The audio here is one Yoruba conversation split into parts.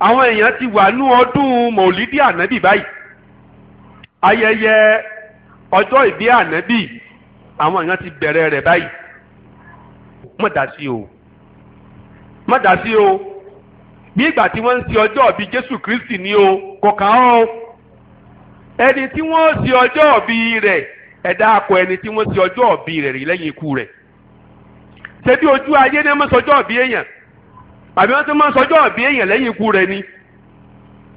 àwọn èèyàn ti wà ní ọdún mọ̀lídìí ànábì báyìí ayẹyẹ ọjọ́ ìbí ànábì àwọn èèyàn ti bẹ̀rẹ̀ rẹ̀ báyìí má dá sí o má dá sí o bí ìgbà tí wọ́n ń ṣe ọjọ́ ìbí Jésù Kristi ni o kọ̀ọ̀kan o ẹni tí wọ́n ṣe ọjọ́ ìbí rẹ̀ ẹ̀dá akọ ẹni tí wọ́n ṣe ọjọ́ ìbí rẹ̀ rí lẹ́yìn ikú rẹ̀ ṣebí ojú ayé ni wọ́n sọjọ́ ìbí èèyàn àbí wọ́n ti máa ń sọjọ́ ọ̀bí èèyàn lẹ́yìn ikú rẹ̀ ni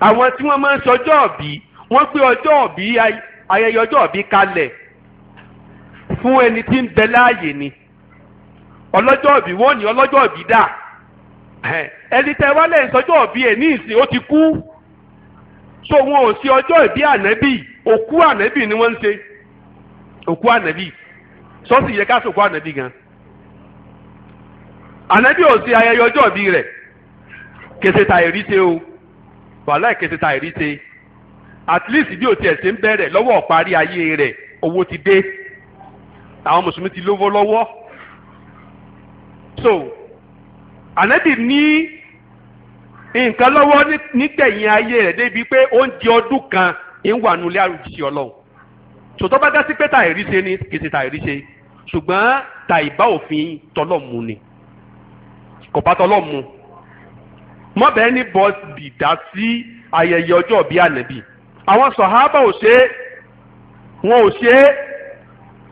àwọn tí wọ́n máa ń sọjọ́ ọ̀bí wọ́n gbé ọjọ́ ọ̀bí ayẹyẹ ọjọ́ ọ̀bí kalẹ̀ fún ẹni tí ń bẹ láàyè ni ọlọ́jọ́ ọ̀bí wọ́n ní ọlọ́jọ́ ọ̀bí dà ẹni tẹ́ wá lẹ́yìn sọjọ́ ọ̀bí ẹ̀ ní ìsìn ó ti kú so wọn ò sí ọjọ́ ìbí ànábì òkú ànábì ni wọ́n ń ṣe òkú ànábì sọ́ọ̀sì yẹ ká sọ̀kú ànábì gan-an ànábì ò ṣe ayẹyẹ ọjọ́ ìbí rẹ̀ kèsè ta ìríte o wàhálà kèsè ta ìríte at least bí o tiẹ̀ ṣe ń bẹ̀rẹ̀ lọ́wọ́ ọ̀parí ayé rẹ̀ owó ti dé àwọn mùsùlùmí ti lówó lọ́wọ́ so ànábì ní nǹkan lọ́wọ́ nígbẹ̀yìn ayé rẹ̀ débi pé oúnjẹ ọdún kan ń wà nulẹ̀ àrùjíṣẹ́ ọlọ́run sòtọ́ bá dá sí pé ta ìríṣe ni kèsè ta ìríṣe ṣùgbọ́n ta ìbá òfin tọ́lọ̀ mu ni kò bá tọ́lọ́ mu mọ́bẹ̀ẹ́ ní bọ́ọ̀sì dá sí ayẹyẹ ọjọ́ bíi ànábì àwọn sọ̀hábà ò ṣe é wọn ò ṣe é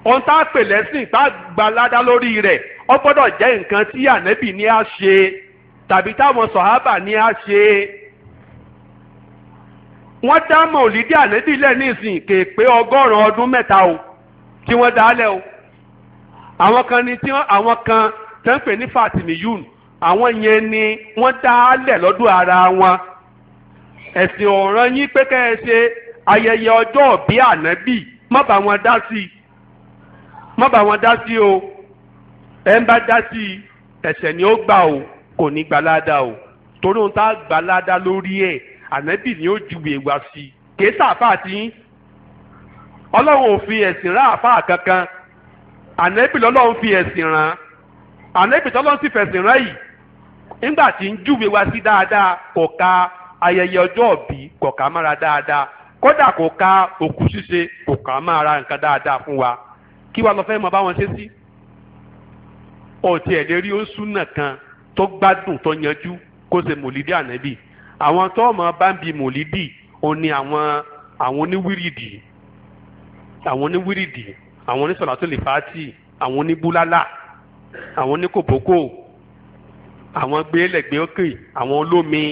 ohun tá a pè lẹ́sìn tá a gba ládá lórí rẹ̀ ó gbọ́dọ̀ jẹ́ nǹkan tí ànábì ní á ṣe tàbí táwọn sọ̀hábà ní á ṣe wọ́n dá mọ̀lídì ànábì lẹ́ni ìsìn kéèpé ọgọ́rùn-ún ọdún mẹ́ta o tí wọ́n dá lẹ̀ o àwọn kan ni tí àwọn kan tẹ́ ń pè ní fatimiyun àwọn yẹn ni wọ́n dá a lẹ̀ lọ́dún ara wọn ẹ̀sìn ọ̀ràn yín pé kẹ́ ẹ ṣe ayẹyẹ ọjọ́ òbí ànábì má bá wọn dá sí i má bá wọn dá sí i o ẹ ń bá dá sí i ẹ̀ṣẹ̀ ni ó gbà o kò ní gbà ládàá o torí ohun tá a gbà ládàá lórí ẹ̀ ànábì ni ó ju ìwà sí i kì í sàáfà tí ọlọ́run ò fi ẹ̀sìn rán àáfà kankan ànábì lọ́lọ́run fi ẹ̀sìn rán ànábì tọ́lọ́n sì fẹ̀sìn rán yìí nígbà tí ń júwe wa sí dáadáa kò ka ayẹyẹ ọjọ́ òbí kò ká mára dáadáa kódà kò ka òkú ṣíṣe kò ká mára nǹkan dáadáa fún wa kí wa lọ fẹ́ mọ báwọn ṣe sí. ọ̀tí ẹ̀dẹ́ rí oṣùnà kan tó gbádùn tó yanjú kó ṣe mòlídì ànábì àwọn tó mọ bá ń bi mòlídì òun ni àwọn àwọn oníwírìdì àwọn oníwírìdì àwọn onísọ̀lá lè fàá tì àwọn oníbúlálà àwọn oníkòbókò àwọn gbélẹ̀gbé òkè àwọn olómi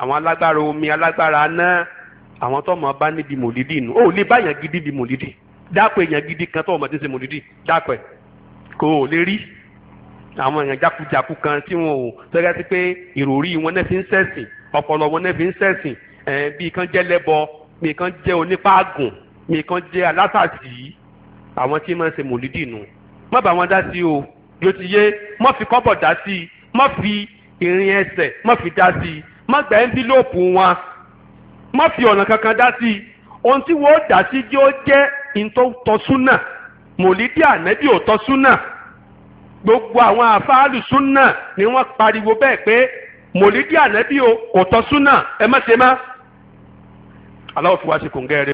àwọn alágbára omi alágbára náà àwọn tó mọ̀ bá níbi mòlídì inú ó lè bá èèyàn gidi bí mòlídì dápò èèyàn gidi kan tó mọ̀ tí ń ṣe mòlídì dápò ẹ̀ kò lè rí àwọn èèyàn jákujàku kan tí wọn ò tẹ́lẹ̀ sí pé ìròrí wọn náà fi ń ṣẹ̀sìn ọpọlọ wọn náà fi ń ṣẹ̀sìn bí kan jẹ́ lẹ́bọ mi kan jẹ́ onípaagùn mi kan jẹ́ alásàtì àwọn tí wọ́n ṣe mòlídì inú má bá wọn dá sí o yóò ti yé mọ́ fi kọ́bọ̀ dá sí i mọ́ fi ìrìn ẹsẹ̀ mọ́ fi dá sí i mọ́ gba ẹ́ńbílóòpù wọn mọ́ fi ọ̀nà kankan dá sí i ohun tí wọ́n dá sí yóò jẹ́ ìtọ́súnà mòlídìí ànẹ́bí ò tọ́súnà gbogbo àwọn àfáàlù súnà ni wọ́n pariwo bẹ́ẹ̀ pé mòlídìí ànẹ́bí ò tọ́súnà ẹ má ṣe má. aláwọ̀ fi wá ṣe kòǹgẹ́rẹ́.